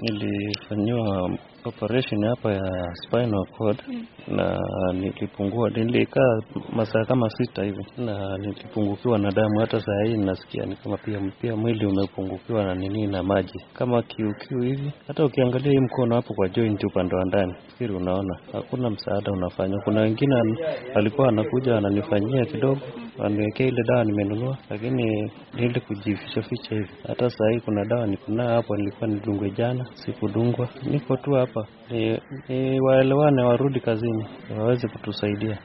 Nilifanyiwa operation hapa ya spinal cord mm. na nilipungua, nilikaa masaa kama sita hivi na nilipungukiwa na damu. Hata saa hii nasikia ni kama pia pia mwili umepungukiwa na nini na maji kama kiukiu hivi. Hata ukiangalia hii mkono hapo kwa joint upande wa ndani, fikiri unaona hakuna msaada unafanywa. Kuna wengine alikuwa anakuja ananifanyia kidogo waniwekea ile dawa nimenunua, lakini niende kujificha ficha hivi. Hata saa hii kuna dawa nikunayo hapo, nilikuwa nidungwe jana, sikudungwa. Niko tu hapa ni, ni waelewane, warudi kazini waweze kutusaidia.